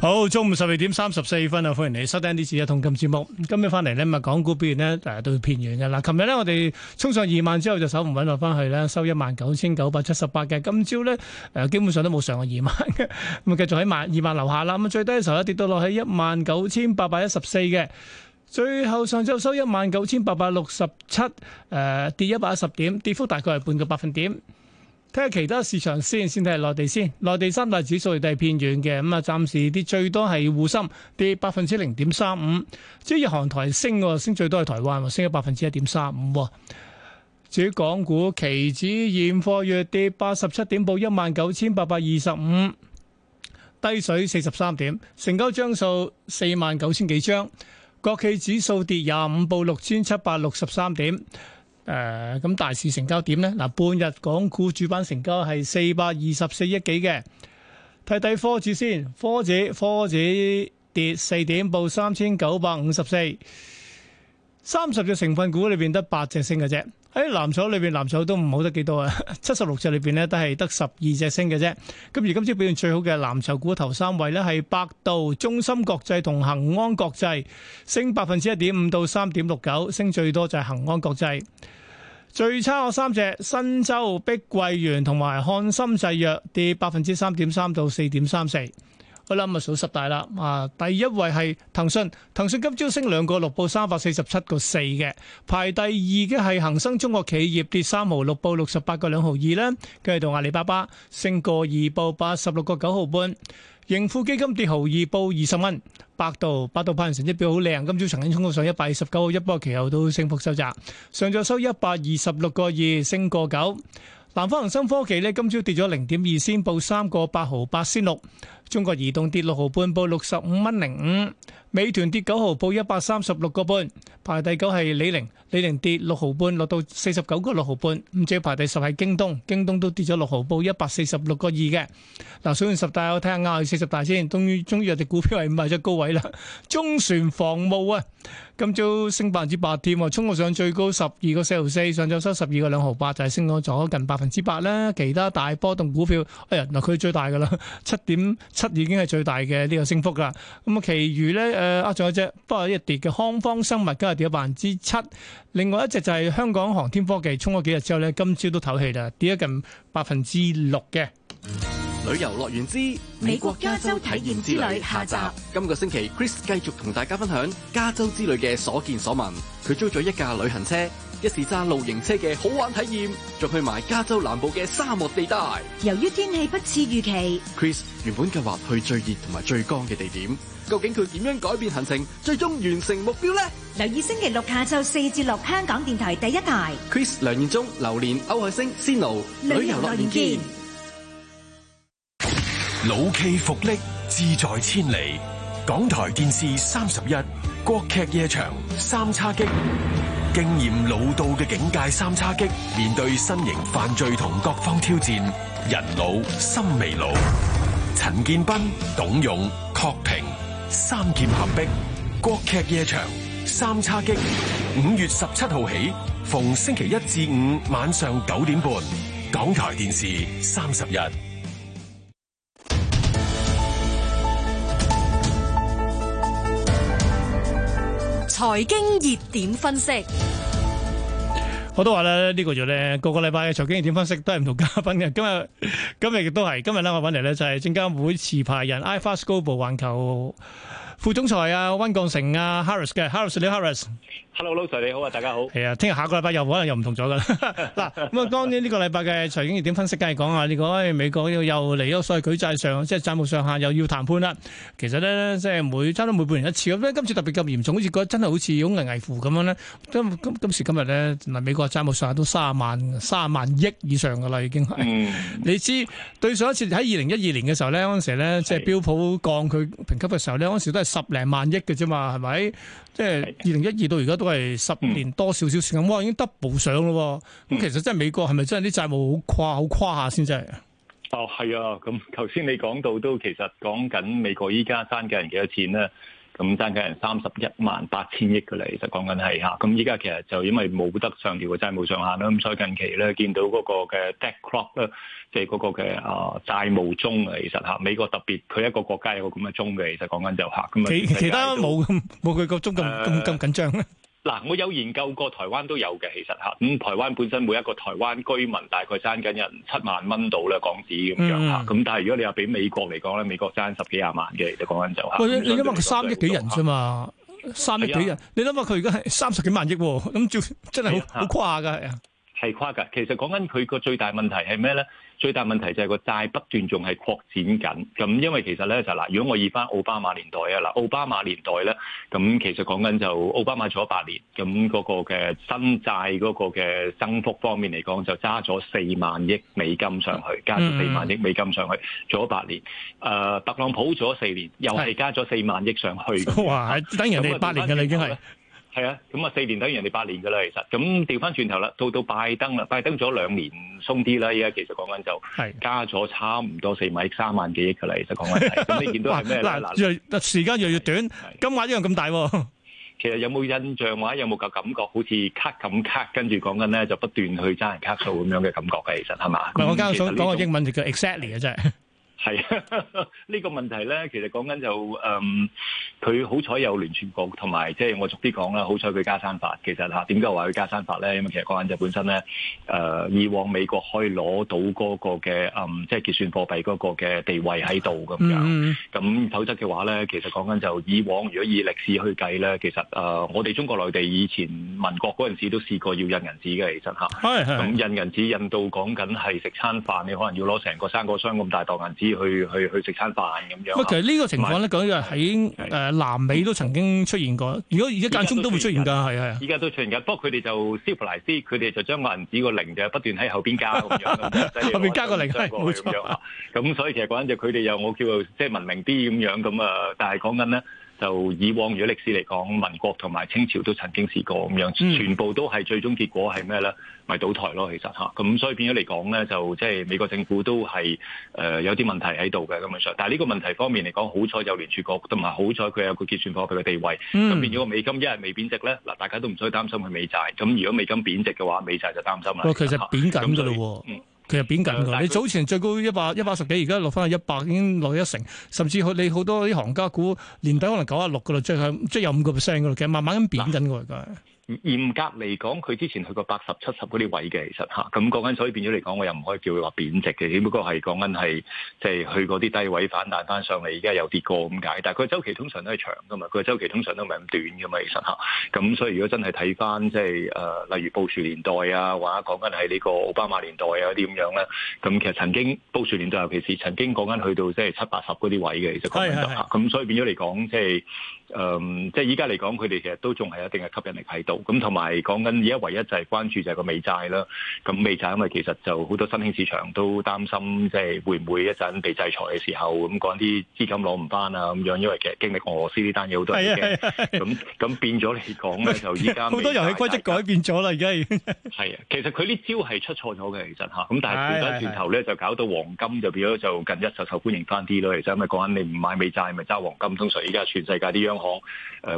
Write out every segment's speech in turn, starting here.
好，中午十二點三十四分啊，歡迎你收聽呢次一桶金節目。今日翻嚟咧，咪港股表現咧誒都偏軟嘅。嗱，琴日咧我哋沖上二萬之後就守唔穩落翻去咧，收一萬九千九百七十八嘅。今朝咧誒基本上都冇上過二萬嘅，咁啊繼續喺萬二萬樓下啦。咁啊最低嘅時候咧跌到落去一萬九千八百一十四嘅。最後上晝收一萬九千八百六十七，誒跌一百一十點，跌幅大概係半個百分點。睇下其他市場先，先睇下內地先。內地三大指數亦都係偏軟嘅，咁啊，暫時跌最多係滬深跌百分之零點三五。即係日韓台升喎，升最多係台灣，升咗百分之一點三五。至於港股期指現貨，約跌八十七點，報一萬九千八百二十五，低水四十三點，成交張數四萬九千幾張。國企指數跌廿五，報六千七百六十三點。誒、呃，咁大市成交點呢？嗱，半日港股主板成交係四百二十四億幾嘅。睇睇科指先，科指科指跌四點，報三千九百五十四。三十隻成分股裏邊得八隻升嘅啫。喺藍籌裏邊，藍籌都唔好得幾多啊！七十六隻裏邊呢，都係得十二隻升嘅啫。咁而今朝表現最好嘅藍籌股頭三位呢，係百度、中芯國際同恒安國際，升百分之一點五到三點六九，升最多就係恒安國際。最差嘅三隻：新洲、碧桂園同埋漢森製藥，跌百分之三點三到四點三四。好啦，咁啊數十大啦。啊，第一位係騰訊，騰訊今朝升兩個六，報三百四十七個四嘅。排第二嘅係恒生中國企業跌三毫六，報六十八個兩毫二啦。繼續同阿里巴巴升個二，報八十六個九毫半。盈富基金跌毫二，報二十蚊。百度，百度派成績表好靚，今朝曾經衝到上一百二十九號，一波其後都升幅收窄，上晝，收一百二十六個二，升個九。南方恒生科技咧，今朝跌咗零點二先，報三個八毫八先六。中國移動跌六毫半，報六十五蚊零五；美團跌九毫，報一百三十六個半。排第九係李寧，李寧跌六毫半，落到四十九個六毫半。咁再排第十係京東，京東都跌咗六毫，報一百四十六個二嘅。嗱，數完十大，我睇下亞係四十大先。終於，終於有隻股票係賣咗最高位啦。中船防務啊，今朝升百分之八添，衝到上最高十二個四毫四，上晝收十二個兩毫八，就係升咗咗近百分之八啦。其他大波動股票，哎呀，嗱，佢最大噶啦，七點。七已經係最大嘅呢個升幅啦，咁啊，其餘咧誒，咗一隻不過一日跌嘅康方生物，今日跌咗百分之七。另外一隻就係香港航天科技，沖咗幾日之後咧，今朝都唞氣啦，跌咗近百分之六嘅。旅遊樂園之美國加州體驗之旅下集，今個星期 Chris 繼續同大家分享加州之旅嘅所見所聞。佢租咗一架旅行車。一時揸露營車嘅好玩體驗，再去埋加州南部嘅沙漠地帶。由於天氣不似預期，Chris 原本計劃去最熱同埋最乾嘅地點，究竟佢點樣改變行程，最終完成目標呢？留意星期六下晝四至六，香港電台第一台，Chris 梁健忠、劉念、歐海星、Snow，旅遊樂園見。老驥伏櫪，志在千里。港台電視三十一，國劇夜場三叉戟。經驗老道嘅警界，三叉戟面對新型犯罪同各方挑戰，人老心未老。陳建斌、董勇、郝平三劍合璧，國劇夜場三叉戟。五月十七號起，逢星期一至五晚上九點半，港台電視三十日。財經熱點分析，我都話咧呢個月咧，個個禮拜嘅財經熱點分析都係唔同的嘉賓嘅。今日今日亦都係今日咧，我揾嚟咧就係證監會持牌人 IFRS c l o b a l 環球副總裁啊，溫降成啊 Harris 嘅 Harris 李 Harris。hello，老 Sir 你好啊，大家好。係啊，聽日下個禮拜又可能又唔同咗噶啦。嗱咁啊，當然呢個禮拜嘅財經熱點分析梗係講啊，你講啊，美國又嚟咗所謂舉債上，即係債務上限又要談判啦。其實咧，即係每差唔多每半年一次，咁咧今次特別咁嚴重，好似覺得，真係好似恐危危乎咁樣咧。今今今時今日咧，嗱美國債務上限都卅萬卅萬億以上噶啦，已經係。嗯。你知對上一次喺二零一二年嘅時候咧，嗰陣時咧，即係標普降佢評級嘅時候咧，嗰陣時都係十零萬億嘅啫嘛，係咪？即係二零一二到而家都。因為十年多少少時間咁，嗯、已經 double 上咯。咁、嗯、其實真係美國係咪真係啲債務好誇好誇下先？真係？哦，係啊。咁頭先你講到都其實講緊美國依家爭緊人幾多錢咧？咁爭緊人三十一萬八千億噶啦。其實講緊係吓，咁依家其實就因為冇得上調個債務上限啦。咁所以近期咧見到嗰個嘅 debt clock 咧，即係嗰個嘅啊債務鐘啊。其實吓美國特別佢一個國家有個咁嘅鐘嘅。其實講緊就吓咁啊。其他冇冇佢個鐘咁咁咁緊張。呃嗱、啊，我有研究過，台灣都有嘅，其實嚇咁。台灣本身每一個台灣居民大概爭緊一七萬蚊到啦，港紙咁樣嚇。咁、嗯、但係如果你話俾美國嚟講咧，美國爭十幾廿萬嘅，而家講緊就嚇。你諗下佢三億幾人啫嘛、啊，三億幾人，啊、你諗下佢而家係三十幾萬億、啊，咁照真係好好誇㗎呀！啊係誇㗎，其實講緊佢個最大問題係咩咧？最大問題就係個債不斷仲係擴展緊。咁因為其實咧就嗱，如果我以翻奧巴馬年代啊，嗱，奧巴馬年代咧，咁其實講緊就奧巴馬做咗八年，咁嗰個嘅新債嗰個嘅增幅方面嚟講，就加咗四萬億美金上去，加咗四萬億美金上去，做咗八年。誒、呃，特朗普做咗四年，又係加咗四萬億上去。哇，當然係等人哋八年㗎啦，已經係。係啊，咁啊四年等於人哋八年噶啦，其實咁調翻轉頭啦，到到拜登啦，拜登咗兩年鬆啲啦，依家其實講緊就加咗差唔多四萬億三萬幾億噶啦，其實講緊，咁 你見到係咩 時間越來越短，金額一樣咁大，啊。其實有冇印象話有冇個感覺，好似 cut 咁 cut，跟住講緊咧就不斷去爭人 card 數咁樣嘅感覺嘅， 其實係嘛？唔係，我而家想講個英文就叫 exactly 啊，真係係呢、 這個問題咧，其實講緊就誒，佢好彩有聯儲局同埋，即係我逐啲講啦。好彩佢加山法，其實吓，點解話佢加山法咧？因為其實講緊就本身咧，誒、呃，以往美國可以攞到嗰個嘅、嗯、即係結算貨幣嗰個嘅地位喺度咁樣。咁、嗯、否則嘅話咧，其實講緊就以往如果以歷史去計咧，其實誒、啊，我哋中國內地以前民國嗰陣時都試過要印銀紙嘅，其實吓。係係。咁印銀紙，印到講緊係食餐飯，你可能要攞成個生果箱咁大袋銀紙。去去去食餐飯咁樣。唔係，其實呢個情況咧，講嘅喺誒南美都曾經出現過。如果而家間中都會出現㗎，係係。依家都出現㗎，不過佢哋就斯普萊斯，佢哋就將個銀紙個零就不斷喺後邊加咁樣，後邊加個零。係，咁所以其實講緊就佢哋又我叫做即係文明啲咁樣咁啊，但係講緊咧。就以往如果歷史嚟講，民國同埋清朝都曾經試過咁樣，全部都係最終結果係咩咧？咪、就是、倒台咯，其實咁所以變咗嚟講咧，就即係美國政府都係誒、呃、有啲問題喺度嘅咁樣上。但呢個問題方面嚟講，好彩有聯儲局，同埋好彩佢有個結算貨幣嘅地位。咁、嗯、變咗個美金一係未貶值咧，嗱大家都唔需要擔心佢美債。咁如果美金貶值嘅話，美債就擔心啦、哦。其實貶值。咗其實貶緊㗎，你早前最高一百一百十幾，而家落翻去一百，已經落一成，甚至佢你好多啲行家估年底可能九十六㗎喇，即係即係有五個 percent 㗎喇，其實慢慢咁貶緊㗎嚟嘅。啊嚴格嚟講，佢之前去過八十七十嗰啲位嘅，其實嚇，咁講緊，所以變咗嚟講，我又唔可以叫佢話貶值嘅，只不過係講緊係即係去嗰啲低位反彈返上嚟，而家又跌過咁解。但係佢周期通常都係長㗎嘛，佢周期通常都唔係咁短㗎嘛，其實嚇。咁、嗯、所以如果真係睇返即係誒，例如布殊年代啊，或者講緊係呢個奧巴馬年代啊，啲咁樣啦，咁其實曾經布殊年代尤其是曾經講緊去到即係七八十嗰啲位嘅，其實係咁、嗯、所以變咗嚟講，即、就、係、是。誒、嗯，即係依家嚟講，佢哋其實都仲係有一定嘅吸引力喺度。咁同埋講緊，而家唯一就係關注就係個美債啦。咁美債因為其實就好多新興市場都擔心，即係會唔會一陣被制裁嘅時候，咁講啲資金攞唔翻啊咁樣。因為其實經歷俄羅斯呢單嘢好多嘢嘅。咁咁、啊啊啊啊、變咗嚟講咧，就依家好多遊戲規則改變咗啦，而家係啊，其實佢呢招係出錯咗嘅，其實吓，咁但係轉頭咧、啊啊，就搞到黃金就變咗就近一受受歡迎翻啲咯。其實因為講緊你唔買美債，咪揸黃金。通常而家全世界啲央我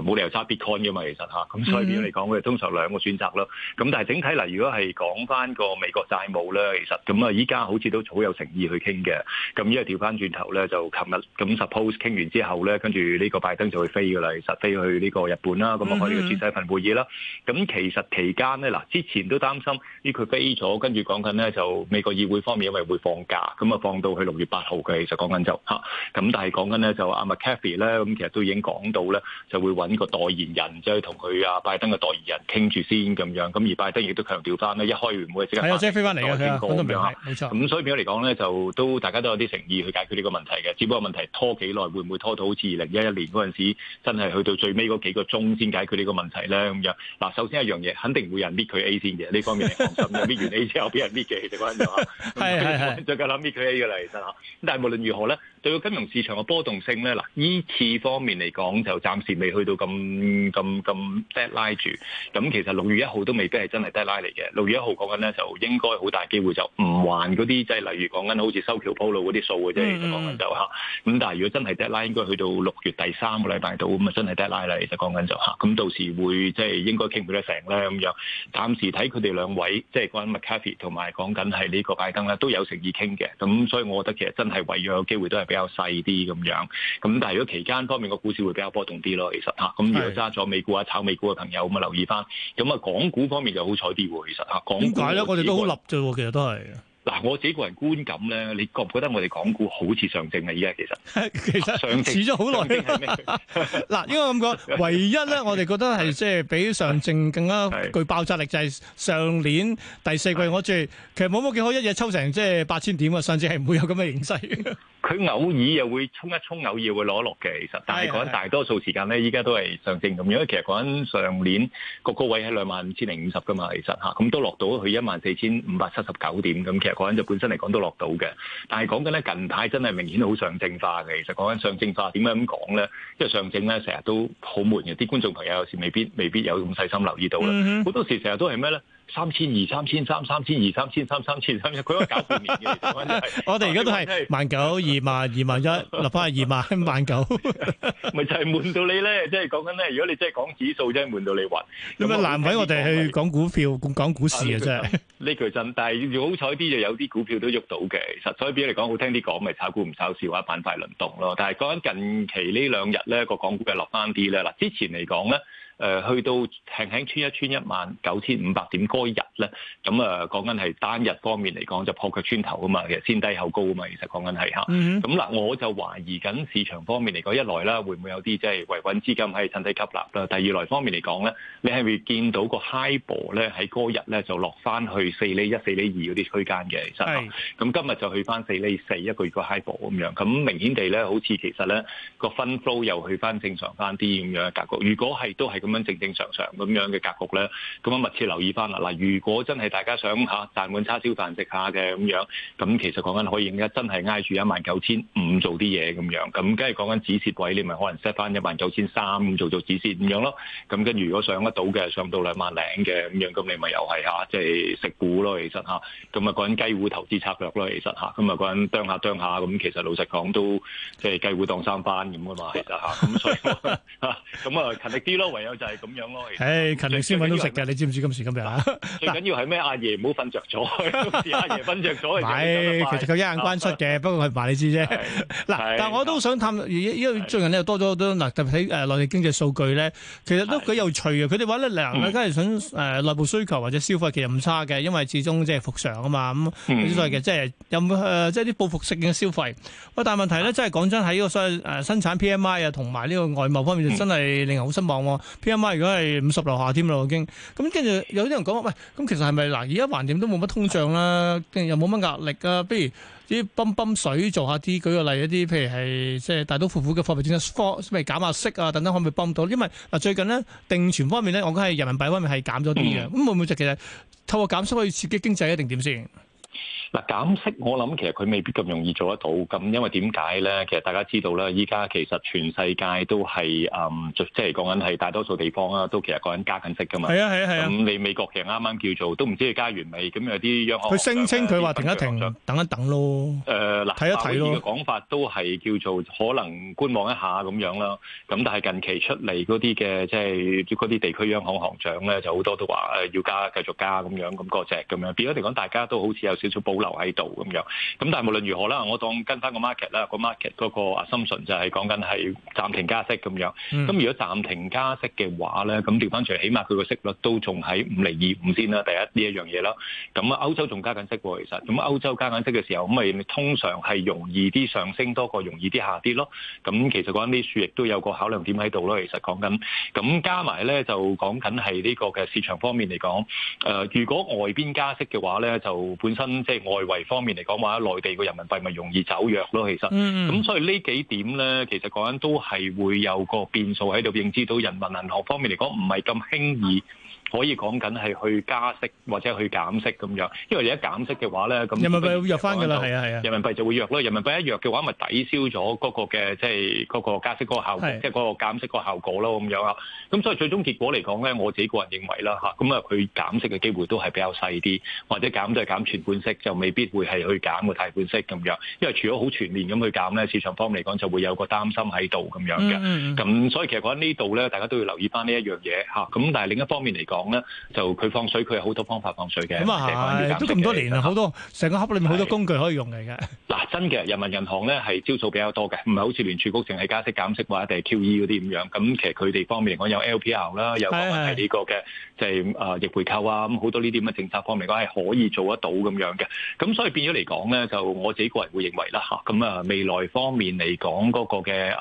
冇理由揸 Bitcoin 嘅嘛，其實嚇，咁所以嚟講，佢哋通常兩個選擇咯。咁但係整體嚟，如果係講翻個美國債務咧，其實咁啊，依家好似都好有誠意去傾嘅。咁依家調翻轉頭咧，就琴日咁 suppose 傾完之後咧，跟住呢個拜登就會飛嘅啦，其實飛去呢個日本啦。咁啊，我呢個主持份會議啦。咁、mm-hmm. 其實期間咧，嗱之前都擔心呢，佢飛咗，跟住講緊咧就美國議會方面因為會放假，咁啊放到去六月八號嘅，其實講緊就嚇。咁但係講緊咧就阿 McCarthy 咧，咁其實都已經講到。就會揾個代言人，即係同佢阿拜登嘅代言人傾住先咁樣，咁而拜登亦都強調翻咧，一開會唔會即刻飛翻嚟。即係飛翻嚟我佢啊，咁都明咁、嗯、所以變咗嚟講咧，就都大家都有啲誠意去解決呢個問題嘅。只不過問題拖幾耐，會唔會拖到好似二零一一年嗰陣時，真係去到最尾嗰幾個鐘先解決呢個問題咧？咁樣嗱，首先一樣嘢，肯定會有人搣佢 A 先嘅，呢方面你放心。搣 完 A 之後，俾人搣嘅情況，最夠諗搣佢 A 嘅啦，其實嚇。但係無論如何咧。對個金融市場嘅波動性咧，嗱，依次方面嚟講就暫時未去到咁咁咁 deadline 拉住。咁其實六月一號都未必係真係 deadline 嚟嘅。六月一號講緊咧，就應該好大機會就唔還嗰啲，即係例如講緊好似修橋鋪路嗰啲數嘅啫。講、嗯、緊就嚇。咁但係如果真係 deadline 應該去到六月第三個禮拜度，咁啊真係 deadline 啦。就講緊就嚇。咁到時會即係應該傾唔得成咧咁樣。暫時睇佢哋兩位，即、就、係、是、講緊 McCarthy 同埋講緊係呢個拜登啦，都有誠意傾嘅。咁所以我覺得其實真係為咗有機會都比較細啲咁樣，咁但係如果期間方面個股市會比較波動啲咯，其實嚇咁如果揸咗美股啊炒美股嘅朋友咁啊留意翻，咁啊港股方面就好彩啲喎，其實嚇點解咧？我哋都好立著，其實都係嗱我自己個人觀感咧，你覺唔覺得我哋港股好似上證啊？依家其實 其實上證似咗好耐啦。嗱，應該咁講，唯一咧，我哋覺得係即係比上證更加具爆炸力，就係、是、上年第四季我最其實冇乜幾好，一日抽成即係八千點啊，上證係唔會有咁嘅形勢。佢偶爾又會衝一衝，偶爾會攞落嘅，其實。但係講緊大多數時間咧，依家都係上證咁樣。因為其實講緊上年個個位係兩萬五千零五十噶嘛，其實吓咁都落到去一萬四千五百七十九點咁。其實講緊就本身嚟講都落到嘅。但係講緊咧近排真係明顯好上證化嘅。其實講緊上證化點解咁講咧？因為上證咧成日都好悶嘅，啲觀眾朋友有時未必未必有咁細心留意到啦。好、嗯、多時成日都係咩咧？三千二三千三三千二三千三三千三，佢可以搞半年嘅。我哋而家都係萬九二萬二萬一，落翻係二萬萬九，咪就係悶到你咧。即係講緊咧，如果你真係講指數，真係悶到你暈。咁啊難為我哋去講股票、講股市啊，真係。呢句真，但係要好彩啲就有啲股票都喐到嘅。其實，所以比如嚟講，好聽啲講，咪炒股唔炒市，話板塊輪動咯。但係講緊近期呢兩日咧，個港股係落翻啲咧。嗱，之前嚟講咧。誒、呃、去到輕輕穿一穿一萬九千五百點嗰日咧，咁啊講緊係單日方面嚟講就破腳穿頭啊嘛，其實先低後高啊嘛，其實講緊係嚇。咁、mm-hmm. 嗱，我就懷疑緊市場方面嚟講，一來啦會唔會有啲即係維穩資金喺趁低吸納啦？第二來方面嚟講咧，你係咪見到個 high 波咧喺嗰日咧就落翻去四厘一、四厘二嗰啲區間嘅？其實咁、mm-hmm. 啊、今日就去翻四厘四一個月個 high 波咁樣，咁明顯地咧，好似其實咧個 fund flow 又去翻正常翻啲咁樣格局。如果係都係咁。咁樣正正常常咁樣嘅格局咧，咁樣密切留意翻啦。嗱，如果真係大家想嚇但碗叉燒飯食下嘅咁樣，咁其實講緊可以應一真係挨住一萬九千五做啲嘢咁樣，咁梗係講緊止蝕位，你咪可能 set 翻一萬九千三做做止蝕咁樣咯。咁跟住如果上得到嘅，上到兩萬零嘅咁樣，咁你咪又係嚇即係食股咯。其實嚇咁啊講緊雞糊投資策略咯。其實嚇咁啊講緊掕下掕下咁，其實老實講都即係雞糊當三番咁㗎嘛。其實嚇咁所以嚇咁啊勤力啲咯，唯有。就係、是、咁樣咯。誒、hey，勤力先揾到食嘅，你知唔知今時今日啊？最緊要係咩？阿 爺唔好瞓着咗。當 阿 爺瞓著咗， 其實佢一眼關出嘅， 不過唔話你知啫。嗱， 是 但係我都想探，因為最近呢，多咗好多嗱，特別喺誒內地經濟數據咧，其實都幾有趣嘅。佢哋話咧，零梗係想誒內部需求或者消費其實唔差嘅，因為始終即係復常啊嘛。咁、嗯嗯、所以其實即係有冇、呃？即係啲報復式嘅消費。喂、嗯，但係問題咧，嗯就是、真係講真喺呢個所謂誒、呃、生產 PMI 啊，同埋呢個外貿方面，就、嗯、真係令人好失望喎、啊。P.M.I 如果係五十樓下添啦，我已經咁跟住有啲人講喂，咁、哎、其實係咪嗱而家橫掂都冇乜通脹啦，又冇乜壓力啊？不如啲泵泵水做下啲，舉個例一啲，譬如係即係大刀闊斧嘅貨幣政策，係咪減下息啊？等等可唔可以泵到？因為嗱最近咧定存方面咧，我覺得係人民幣方面係減咗啲嘅，咁、嗯、會唔會就其實透過減息可以刺激經濟一定點先？嗱減息，我諗其實佢未必咁容易做得到，咁因為點解咧？其實大家知道啦，依家其實全世界都係誒、嗯，即係講緊係大多數地方啊，都其實講緊加緊息噶嘛。係啊，係啊，係咁你美國其實啱啱叫做都唔知佢加完未？咁有啲央行佢聲稱佢話停一停，等一等咯。誒、呃、嗱，睇一睇呢個講法都係叫做可能觀望一下咁樣啦。咁但係近期出嚟嗰啲嘅，即係嗰啲地區央行行長咧，就好多都話誒要加，繼續加咁樣咁嗰隻咁樣。變咗嚟講，大家都好似有少少報。留喺度咁樣，咁但係無論如何啦，我當跟翻個 market 啦，個 market 嗰個心 n 就係講緊係暫停加息咁樣。咁、嗯、如果暫停加息嘅話咧，咁調翻轉，起碼佢個息率都仲喺五厘二五先啦。第一呢一樣嘢啦，咁啊歐洲仲加緊息喎，其實咁歐洲加緊息嘅時候，咁咪通常係容易啲上升多過容易啲下跌咯。咁其實講啲樹亦都有個考量點喺度咯。其實講緊咁加埋咧，就講緊係呢個嘅市場方面嚟講，誒、呃，如果外邊加息嘅話咧，就本身即係。就是外圍方面嚟講話，內地個人民幣咪容易走弱咯。其實，咁、嗯、所以呢幾點呢，其實講緊都係會有個變數喺度，認知到人民銀行方面嚟講，唔係咁輕易。嗯可以講緊係去加息或者去減息咁樣，因為你一減息嘅話咧，咁人民幣會弱翻㗎啦，係啊係啊，人民幣就會弱咯。人民幣一弱嘅話，咪抵消咗嗰個嘅即係嗰個加息嗰個效，即係嗰個減息嗰個效果咯咁樣啊。咁所以最終結果嚟講咧，我自己個人認為啦嚇，咁啊佢減息嘅機會都係比較細啲，或者減就係減全半息，就未必會係去減個大半息咁樣。因為除咗好全面咁去減咧，市場方面嚟講就會有個擔心喺度咁樣嘅。咁所以其實講喺呢度咧，大家都要留意翻呢一樣嘢嚇。咁但係另一方面嚟。嚟講咧，就佢放水，佢有好多方法放水嘅。咁、嗯、啊，都咁多年啦，好、就是、多成個盒裏面好多工具可以用嚟嘅。嗱，真嘅，人民銀行咧係招數比較多嘅，唔係好似聯儲局淨係加息減息話，定係 QE 嗰啲咁樣。咁其實佢哋方面嚟講，有 LPR 啦，有講係呢個嘅，即係啊逆回購啊，咁好多呢啲咁嘅政策方面講係可以做得到咁樣嘅。咁所以變咗嚟講咧，就我自己個人會認為啦嚇。咁啊，啊，未來方面嚟講嗰個嘅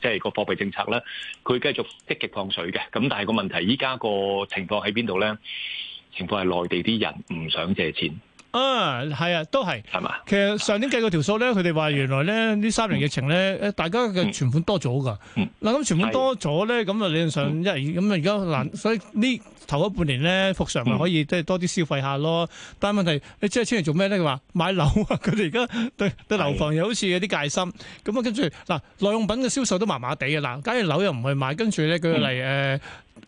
即係個貨幣政策咧，佢繼續積極放水嘅。咁但係個問題，依家個情況喺邊度咧？情況係內地啲人唔想借錢啊，係啊，都係係嘛？其實上年計過條數咧，佢哋話原來咧呢三年疫情咧，誒、嗯，大家嘅存款多咗噶。嗱、嗯、咁存款多咗咧，咁啊理論上一咁啊而家嗱，所以呢頭嗰半年咧，服常咪可以即係多啲消費下咯、嗯。但係問題，你即係出嚟做咩咧？佢話買樓啊，佢哋而家對對樓房又好似有啲戒心。咁啊，跟住嗱，耐用品嘅銷售都麻麻地嘅啦，假如樓又唔去買，跟住咧佢嚟誒。嗯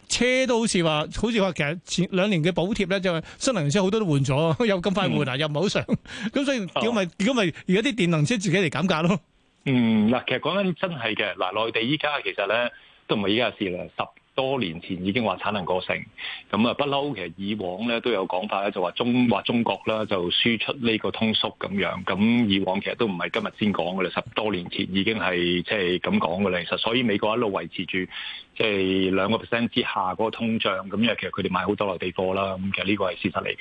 車都好似話，好似話其實前兩年嘅補貼咧就係、是、新能源車好多都換咗，又咁快換啊、嗯，又唔好上。咁、嗯嗯、所以如果咪如果咪而家啲電動車自己嚟減價咯？嗯，嗱，其實講緊真係嘅，嗱，內地依家其實咧都唔係依家事啦，十多年前已經話產能過剩，咁啊不嬲，其實以往咧都有講法咧，就話中話中國啦就輸出呢個通縮咁樣，咁、嗯、以往其實都唔係今日先講噶啦，十多年前已經係即係咁講噶啦，其實所以美國一路維持住。即係兩個 percent 之下嗰個通脹，咁因為其實佢哋買好多內地貨啦，咁其實呢個係事實嚟嘅。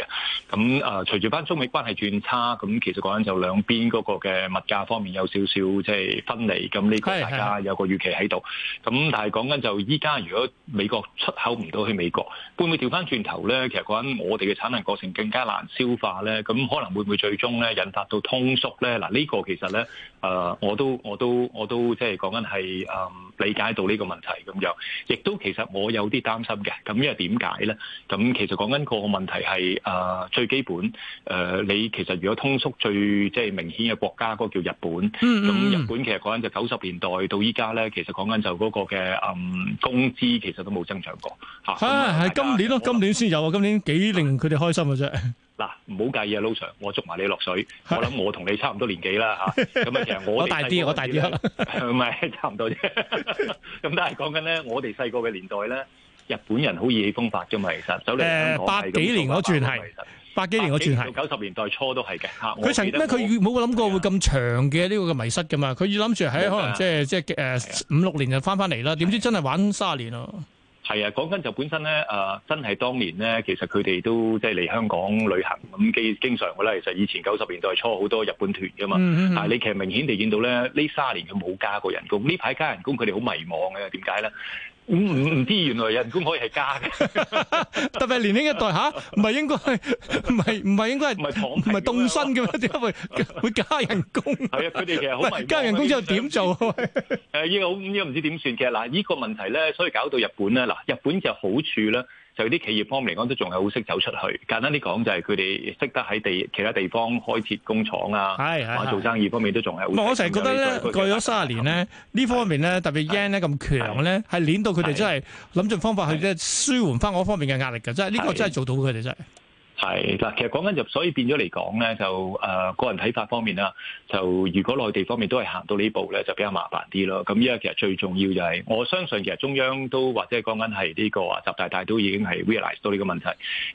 咁啊、呃，隨住翻中美關係轉差，咁其實講緊就兩邊嗰個嘅物價方面有少少即係、就是、分離，咁呢個大家有個預期喺度。咁但係講緊就依家如果美國出口唔到去美國，會唔會調翻轉頭咧？其實講緊我哋嘅產能過程更加難消化咧，咁可能會唔會最終咧引發到通縮咧？嗱，呢個其實咧，誒、呃，我都我都我都即係講緊係、嗯、理解到呢個問題咁樣。亦都其實我有啲擔心嘅，咁因為點解咧？咁其實講緊個問題係誒最基本誒，你其實如果通縮最即係明顯嘅國家，嗰個叫日本。咁日本其實講緊就九十年代到依家咧，其實講緊就嗰個嘅誒工資其實都冇增長過吓。係係今年咯，今年先有啊，今年幾令佢哋開心嘅啫。嗱，唔好介意啊，Lo Sir，我捉埋你落水。我諗我同你差唔多年紀啦，吓咁啊，其實我大啲，我大啲，唔係差唔多啫。咁都係講緊咧，我哋細個嘅年代咧，日本人好意氣風發噶嘛，其實走嚟。八幾年嗰段係，八幾年嗰段係，九十年代初都係嘅。吓，佢曾經咧？佢冇諗過會咁長嘅呢個嘅迷失噶嘛？佢要諗住喺可能即係即係誒五六年就翻翻嚟啦。點知真係玩卅年咯。係啊，講緊就本身咧，誒，真係當年咧，其實佢哋都即係嚟香港旅行咁，經經常嘅啦。其實以前九十年代初好多日本團㗎嘛。嗯嗯，但係你其實明顯地見到咧，呢卅年佢冇加過人工，呢排加人工佢哋好迷茫嘅，點解咧？唔唔唔知原來人工可以係加嘅，特別年輕一代嚇，唔係應該係唔係唔係應該係唔係唔係動身嘅咩？點解會會加人工？係啊，佢哋其實好迷，加人工之後點做？誒，依個依個唔知點算其實嗱，依個問題咧，所以搞到日本咧嗱，日本就好處咧。就啲企業方面嚟講，都仲係好識走出去。簡單啲講，就係佢哋識得喺地其他地方開設工廠啊，或者做生意方面都仲係好。我成日覺得咧，過咗三十年咧，呢方面咧特別日圓咧咁強咧，係攣到佢哋真係諗盡方法去舒緩翻嗰方面嘅壓力㗎。真係呢個真係做到佢哋真。係嗱，其實講緊就，所以變咗嚟講咧，就誒個人睇法方面啦，就如果內地方面都係行到呢步咧，就比較麻煩啲咯。咁依家其實最重要就係，我相信其實中央都或者係講緊係呢個啊，習大大都已經係 realize 到呢個問題。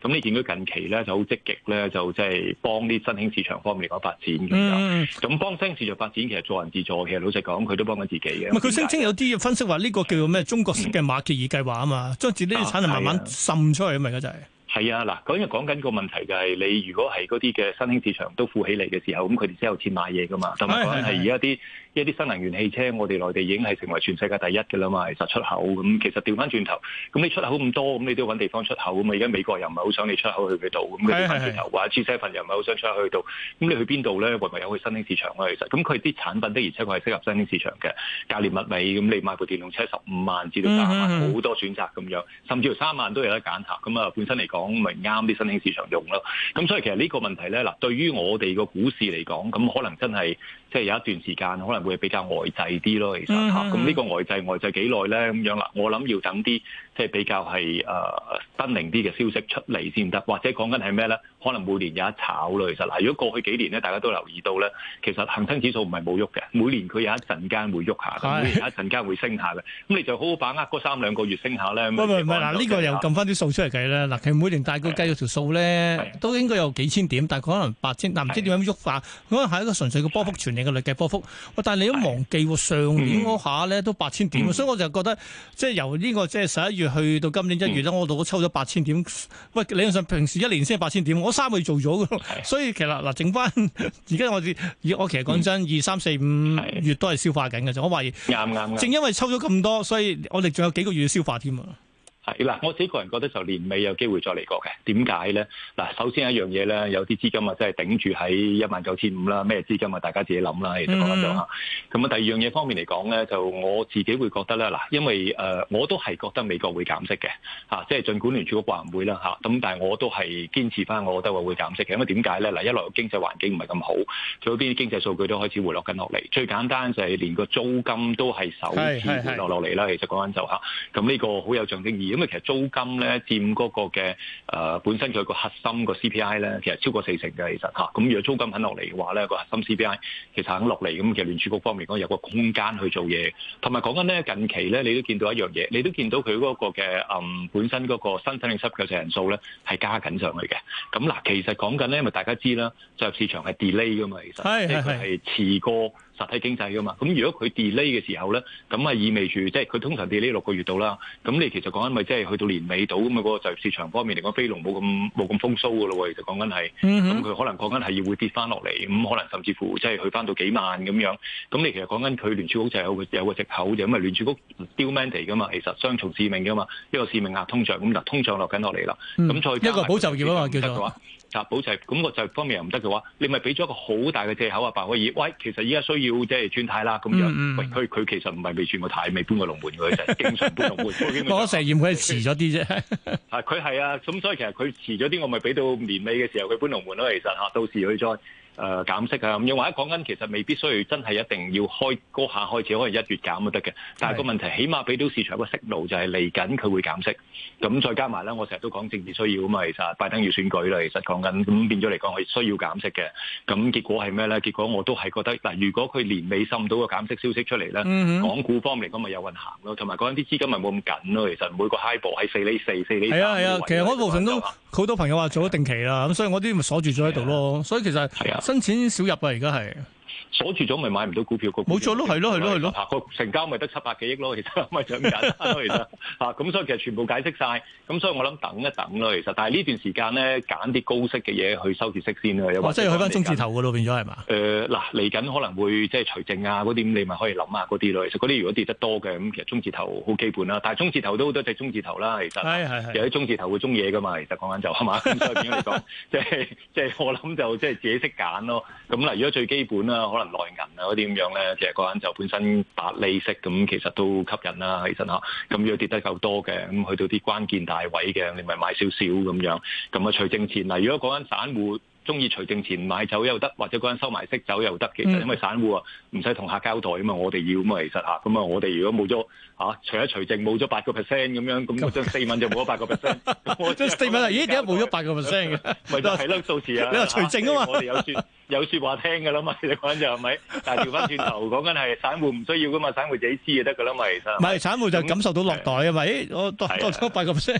咁你見到近期咧就好積極咧，就即係幫啲新興市場方面嚟講發展咁樣。咁、嗯、幫新興市場發展其實助人自助，其實老實講佢都幫緊自己嘅。佢聲稱有啲分析話呢個叫做咩中國式嘅馬歇爾計劃啊嘛、嗯，將自己啲產能慢慢滲出去啊嘛，而家就係係啊，嗱，咁因為講緊個問題就係你如果係嗰啲嘅新興市場都富起嚟嘅時候，咁佢哋先有錢買嘢㗎嘛。同埋講緊係而家啲一啲新能源汽車，我哋內地已經係成為全世界第一㗎啦嘛，其實出口咁。其實調翻轉頭，咁你出口咁多，咁你都要揾地方出口咁啊。而家美國又唔係好想你出口去佢度，咁佢嘅翻轉頭，是是是或者 G7 又唔係好想出口去度。咁你去邊度咧？咪咪有去新興市場其實。咁佢啲產品的而且確係適合新興市場嘅價廉物美。咁你買部電動車十五萬至到三十萬，好、嗯、多選擇咁樣，甚至乎三萬都有得揀㗎。咁啊，本身嚟講，咁咪啱啲新興市場用咯，咁所以其實呢個問題咧，嗱，對於我哋個股市嚟講，咁可能真係。即係有一段時間可能會比較呆滯啲咯，其實咁呢個呆滯呆滯幾耐咧？咁樣啦，我諗要等啲即係比較係誒生靈啲嘅消息出嚟先得，或者講緊係咩咧？可能每年有一炒咯。其實嗱，如果過去幾年咧，大家都留意到咧，其實恒生指數唔係冇喐嘅，每年佢有一陣間會喐下，咁有一陣間會升下嘅。咁你就好好把握嗰三兩個月升下咧。唔係唔係嗱，呢個又撳翻啲數出嚟計咧。嗱，其實每年大概計咗條數咧，都應該有幾千點，大概可能八千，但唔知點解喐翻。可能係一個純粹嘅波幅全。個累計波幅，喂！但係你都忘記喎，上年嗰下咧都八千點，嗯，所以我就覺得即係、就是、由呢個即係十一月去到今年一月咧、嗯，我度都抽咗八千點。喂，理論上平時一年先八千點，我三個月做咗，所以其實嗱，整翻而家我哋我其實講真，二三四五月都係消化緊嘅就我懷疑，啱啱正因為抽咗咁多，所以我哋仲有幾個月要消化添啊。嗱，我自己個人覺得就年尾有機會再嚟過嘅。點解咧？嗱，首先一樣嘢咧，有啲資金啊，即係頂住喺一萬九千五啦，咩資金啊，大家自己諗啦。其實講緊就咁、是、啊、嗯，第二樣嘢方面嚟講咧，就我自己會覺得咧，嗱，因為誒、呃、我都係覺得美國會減息嘅，即係儘管聯儲局唔會啦，咁但係我都係堅持翻，我覺得會會減息嘅。因為點解咧？嗱，一來經濟環境唔係咁好，佢啲經濟數據都開始回落緊落嚟，最簡單就係連個租金都係首次回落落嚟啦。其實講緊就嚇、是，咁、這、呢個好有象徵意義。咁其實租金咧佔嗰個嘅誒、呃、本身佢個核心個 CPI 咧，其實超過四成嘅其實嚇。咁如果租金肯落嚟嘅話咧，個核心 CPI 其實肯落嚟。咁其實聯儲局方面講，有個空間去做嘢。同埋講緊咧近期，咧，你都見到一樣嘢，你都見到佢嗰個嘅誒、呃、本身嗰個申請領失嘅人數咧係加緊上去嘅。咁、啊、嗱，其實講緊咧，因為大家知啦，就業市場係 delay 噶嘛，其實是是是即係佢係遲過。實體經濟噶嘛，咁如果佢 delay 嘅時候咧，咁啊意味住即係佢通常 delay 六個月度啦。咁你其實講緊咪即係去到年尾到咁啊，嗰、嗰個就業市場方面嚟講，飛龍冇咁冇咁風騷噶咯喎。其實講緊係，咁佢可能講緊係要會跌翻落嚟，咁可能甚至乎即係去翻到幾萬咁樣。咁你其實講緊佢聯儲局就有個有個藉口，就因為聯儲局丟 mandy 噶嘛，其實雙重使命噶嘛，一個使命壓通脹，咁嗱通脹落緊落嚟啦。咁、嗯、再一個保就業嘅方法叫做。啊，保咁個就業方面又唔得嘅話，你咪俾咗一個好大嘅借口啊，白可以，喂，其實依家需要即係轉軚啦咁樣，mm-hmm. 喂，佢佢其實唔係未轉過軚，未搬過龍門佢就係經常搬龍門。 我承認佢遲咗啲啫，佢 係啊，咁所以其實佢遲咗啲，我咪俾到年尾嘅時候佢搬龍門咯，其實嚇，到時佢再。誒減息啊！咁又話一講緊，其實未必需要真係一定要開嗰下開始，可能一月減都得嘅。但係個問題，起碼俾到市場一個息路，就係嚟緊佢會減息。咁再加埋咧，我成日都講政治需要啊嘛，其實拜登要選舉啦，其實講緊咁變咗嚟講，我需要減息嘅。咁結果係咩咧？結果我都係覺得嗱，如果佢年尾滲到個減息消息出嚟咧，港股方面嚟講咪有運行咯，同埋講緊啲資金咪冇咁緊咯。其實每個 high 部喺四釐四、四釐。係啊係啊，其實我部分都好多朋友話做咗定期啦，咁所以我啲咪鎖住咗喺度咯。所以其實係啊。薪錢少入啊，而家係。鎖住咗咪買唔到股票冇錯咯，係咯，係咯，係咯。嚇，個成交咪得七百幾億咯，其實咪咁樣咯，其實嚇。咁所以其實全部解釋晒，咁所以我諗等一等咯，其實。但係呢段時間咧，揀啲高息嘅嘢去收結息先啦。哇、哦！即係、哦就是、去翻中字頭嘅咯，變咗係嘛？誒嗱，嚟緊、啊、可能會即係除淨啊嗰啲你咪可以諗下嗰啲咯。其實嗰啲如果跌得多嘅咁、哎，其實中字頭好基本啦。但係中字頭都好多隻中字頭啦，其實。係係係。有啲中字頭會中嘢㗎嘛？其實講緊就係嘛。咁、哎、所以點講 即係即係我諗就即係自己識揀咯。咁嗱，如果最基本啦。可能內銀啊嗰啲咁樣咧，即係嗰人就本身白利息咁，其實都吸引啦。其實吓，咁如果跌得夠多嘅，咁去到啲關鍵大位嘅，你咪買少少咁樣。咁啊，除剩前。嗱，如果嗰班散戶中意除剩前買走又得，或者嗰人收埋息走又得。其實因為散戶啊，唔使同客交代啊嘛，我哋要啊嘛，其實吓，咁啊，我哋如果冇咗。嚇，除咗除淨冇咗八個 percent 咁樣，咁我張四萬就冇咗八個 percent，我張四萬咦點解冇咗八個 percent 嘅？咪都係撈數字啊！你話除淨啊嘛，我哋有說有說話聽嘅啦嘛，其實講緊就係咪？但係調翻轉頭講緊係散戶唔需要噶嘛，散戶自己知就得噶啦嘛，其實。唔係，散戶就感受到落袋啊嘛，咦，我多咗八個 percent。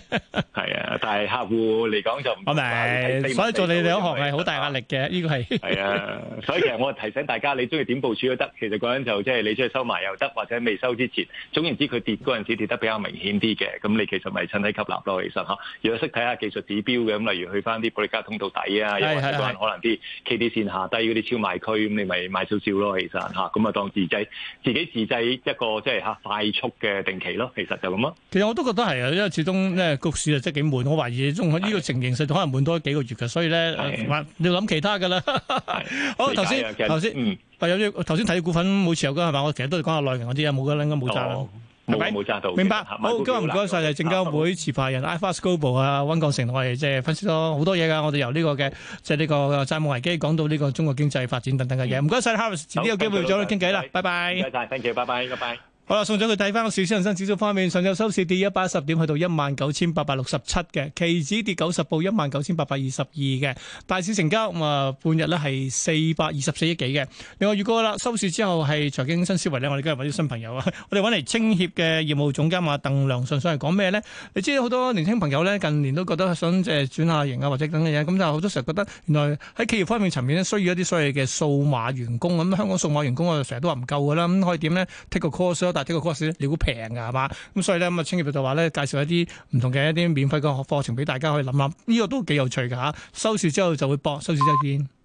係啊，但係客戶嚟講就唔。我明，所以做你哋銀行係好大壓力嘅，呢個係。係啊，所以其實我提醒大家，你中意點部署都得。其實講緊就即係你出去收埋又得，或者未收之前，總言之。佢跌嗰陣時跌得比較明顯啲嘅，咁你其實咪趁低吸納咯，其實嚇。如果識睇下技術指標嘅，咁例如去翻啲保利加通道底啊，是是是或者人可能啲 K D 線下低嗰啲超賣區，咁你咪買少少咯，其實嚇。咁啊，當自製自己自製一個即係嚇快速嘅定期咯，其實就咁咯。其實我都覺得係啊，因為始終咧，股市啊即係幾悶。我懷疑呢個情形實可能悶多幾個月嘅，所以咧、啊，你諗其他嘅啦。 好，頭先，頭先。啊有啲頭先睇嘅股份冇持有㗎係嘛？我其實都係講下內銀嗰啲啊，冇㗎啦，應該冇揸啦。明白冇揸到。明白。好，今日唔該曬，就係證監會持牌人 Irfan Scoble 啊，溫鋼城同我哋即係分析咗好多嘢㗎。我哋由呢個嘅即係呢個債務危機講到呢個中國經濟發展等等嘅嘢。唔該曬 Harvest，遲啲有機會再傾偈啦。拜拜。唔該曬，多謝，拜拜，拜拜。好啦，送咗佢睇翻個恒生指數方面，上晝收市跌一百一十點，去到一萬九千八百六十七嘅，期指跌九十報，一萬九千八百二十二嘅，大市成交咁啊、嗯、半日咧係四百二十四億幾嘅。另外預告啦，如果收市之後係財經新思維咧，我哋今日揾啲新朋友啊，我哋揾嚟青協嘅業務總監啊，鄧良順，想嚟講咩咧？你知好多年輕朋友咧近年都覺得想即係轉下型啊，或者等嘅嘢，咁就好多時候覺得原來喺企業方面層面咧需要一啲所謂嘅數碼員工咁，香港數碼員工我哋成日都話唔夠噶啦，咁可以點咧？Take a course 呢個 course 好平嘅係嘛，咁所以咧咁啊青葉就話咧介紹一啲唔同嘅一啲免費嘅課程俾大家去諗諗，呢、這個都幾有趣嘅吓，收市之後就會播，收市之後見。